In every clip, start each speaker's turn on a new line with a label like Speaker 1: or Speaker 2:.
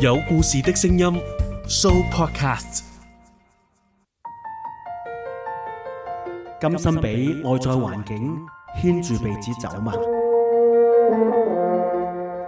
Speaker 1: 有故事的聲音，Sooopodcast。甘心俾外在環境牽住鼻子走嘛？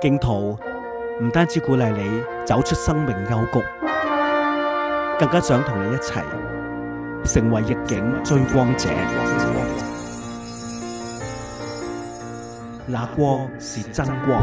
Speaker 1: 荊徒唔單止鼓勵你走出生命幽谷，更加想同你一齊成為逆境追光者。那光是真光。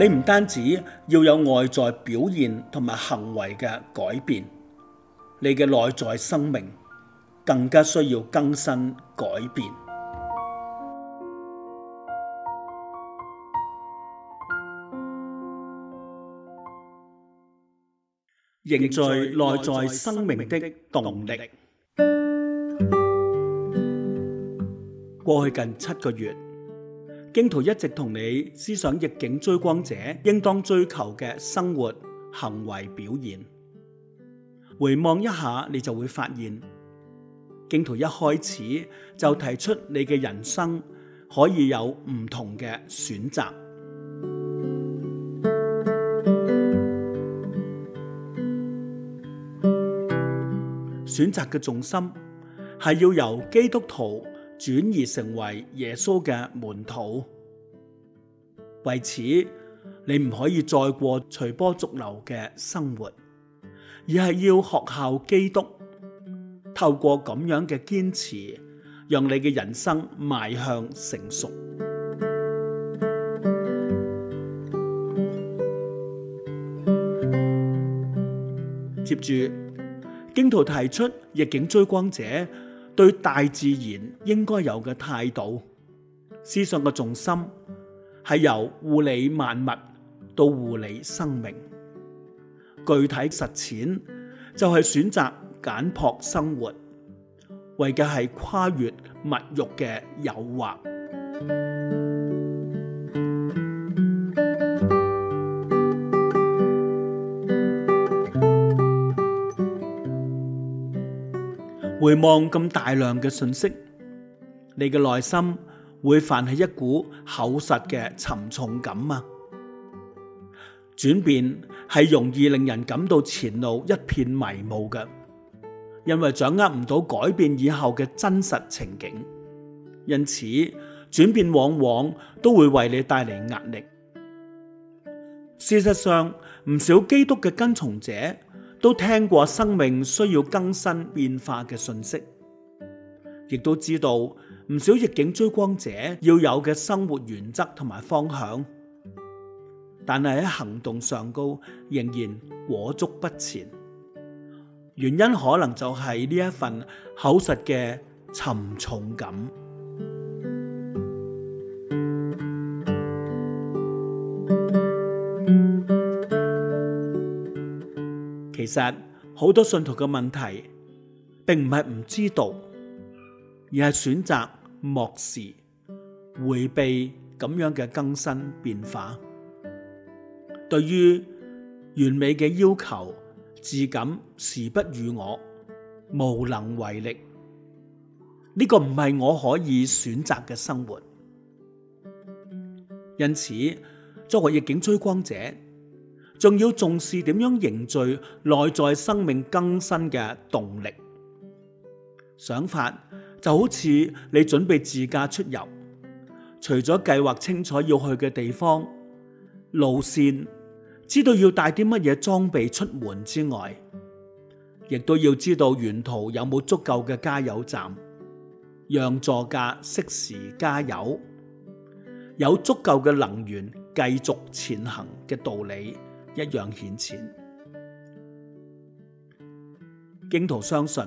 Speaker 1: 你唔單止要有外在表現同埋行為嘅改變，你嘅內在生命更加需要更新改變，凝聚內在生命的動力。過去近七個月。經圖一直同你思想逆境追光者，應當追求嘅生活行為表現。回望一下，你就會發現，荊徒一開始就提出你嘅人生可以有唔同嘅選擇，選擇嘅重心係要由基督徒。轉移成為耶穌嘅門徒，為此你唔可以再過隨波逐流嘅生活，而係要學效基督，透過咁樣嘅堅持，讓你嘅人生邁向成熟。接住荊徒提出逆境追光者，對大自然應該有嘅態度，思想嘅重心係由護理萬物到護理生命。具體實踐就係選擇簡樸生活，為嘅係跨越物慾嘅誘惑。回望咁大量嘅信息，你嘅內心會泛起一股厚實嘅沉重感啊。轉變係容易令人感到前路一片迷霧嘅，因為掌握唔到改變以後嘅真實情景，因此轉變往往都會為你帶嚟壓力。事實上，唔少基督嘅跟從者。都聽過生命需要更新變化嘅信息，亦都知道唔少逆境追光者要有嘅生活原則同埋方向，但係喺行動上高仍然裹足不前，原因可能就係呢一份口實嘅沉重感。其實好多信徒嘅問題，並唔係唔知道，而係選擇漠視、回避咁樣嘅更新變化。對於完美嘅要求，自感時不與我，無能為力。呢個唔係我可以選擇嘅生活。因此，作為逆境追光者。仲要重視點樣凝聚內在生命更新嘅動力。想法，就好似你準備自駕出遊，除咗計劃清楚要去嘅地方、路綫，知道要帶啲乜嘢裝備出門之外，亦都要知道沿途有冇足夠嘅加油站，讓座駕適時加油，有足夠嘅能源繼續前行嘅道理。一樣顯淺。荊徒相信，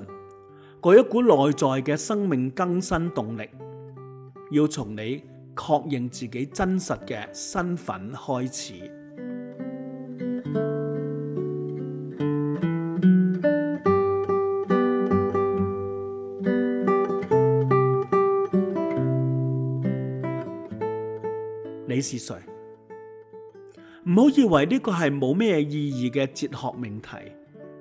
Speaker 1: 嗰一股內在嘅生命更新動力，要從你確認自己真實嘅身份開始。你是誰？唔好以為呢個係冇咩意義嘅哲學命題，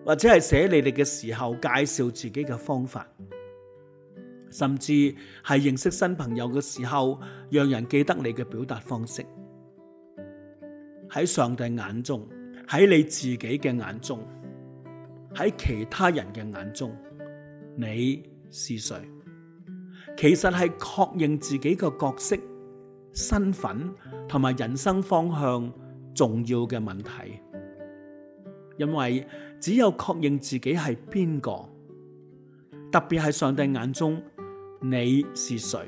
Speaker 1: 或者係寫你哋嘅時候介紹自己嘅方法，甚至係認識新朋友嘅時候，讓人記得你嘅表達方式。喺上帝眼中，喺你自己嘅眼中，喺其他人嘅眼中，你是誰？其實係確認自己嘅角色、身份同埋人生方向。重要嘅問題，因為只有確認自己係邊個，特別係上帝眼中你是誰，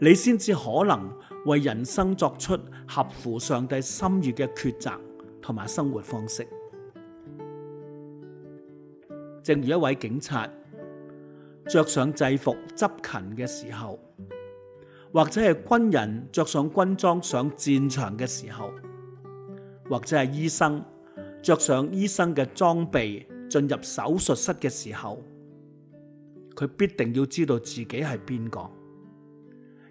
Speaker 1: 你先至可能為人生作出合乎上帝心意嘅抉擇同埋生活方式。正如一位警察着上制服執勤嘅時候。或者係軍人着上軍裝上戰場嘅時候，或者係醫生着上醫生嘅裝備進入手術室嘅時候，佢必定要知道自己係邊個，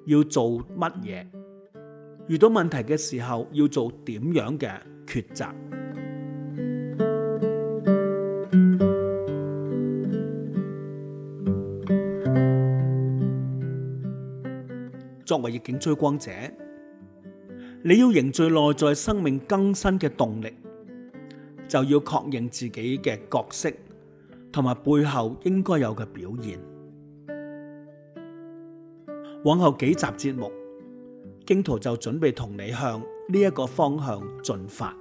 Speaker 1: 要做乜嘢，遇到問題嘅時候要做點樣嘅抉擇。作為逆境追光者，你要凝聚內在生命更新嘅動力，就要確認自己嘅角色同埋背後應該有嘅表現。往後幾集節目，荊徒就準備同你向呢一個方向進發。